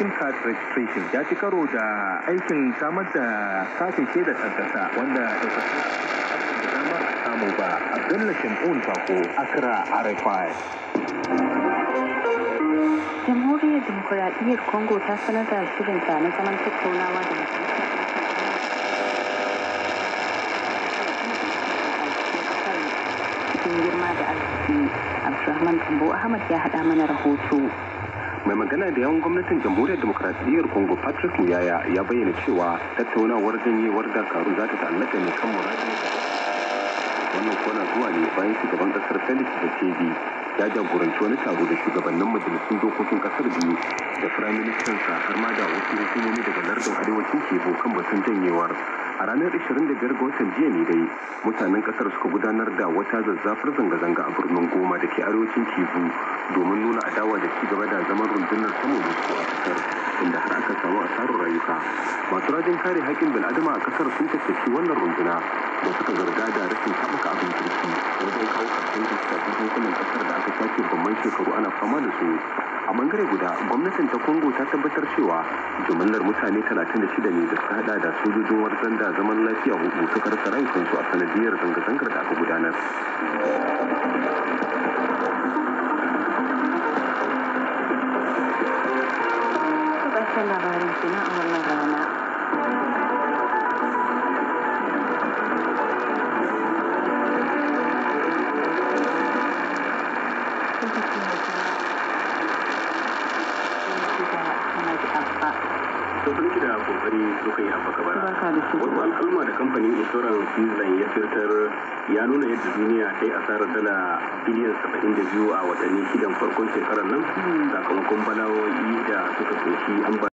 cikin Patrick registration ya ci karo da aikin samar da katin shaidar da ƙasa wanda da dama a samu ba abdullah shamun bako akra rfi jamhuriyar demokuraɗiyyar congo ta sanar da shirinta na zaman tattaunawa da cikin girma da arziki abdulrahman tambo ahmad ya haɗa mana rahoto mai magana da yawan gwamnatin jamhuriyar demokradiyyar congo patrick muyaya ya bayyana cewa tattaunawar janyewar dakaru za ta ta'allaka ne kan muradin wannan kona zuwa ne bayan shugaban kasar felix da tebi ya jagoranci wani taro da shugabannin majalisun dokokin kasar biyu da firaministansa har ma da wasu hukumomi daga lardin arewacin kebo kan batun janyewar a ranar 25 ga watan jiya ne dai mutanen kasar suka gudanar da wata zazzafar zanga-zanga a birnin goma da ke arewacin kivu domin nuna adawa da ci gaba da zaman rundunar samu musu a kasar inda har aka samu asarar rayuka masu rajin kare haƙƙin bil'adama a kasar sun tattaki wannan runduna da suka zarga da rashin haɓaka abin kirki shekaru ana fama da su a bangare guda gwamnatin ta congo ta tabbatar cewa jumlar mutane 36 ne da suka hada da sojojin warzan zaman lafiya hudu suka rasa rayukansu a sanadiyar zanga-zangar da aka gudanar labarin a rana ko kun da kokari suka yi a bakabara wasu alkalma da kamfanin insurance queensland ya firtar ya nuna yadda duniya ta yi asarar dala biliyan saba'in da biyu a watanni shidan farkon shekarar nan hmm. sakamakon bala'o'i da suka kunshi ambaliya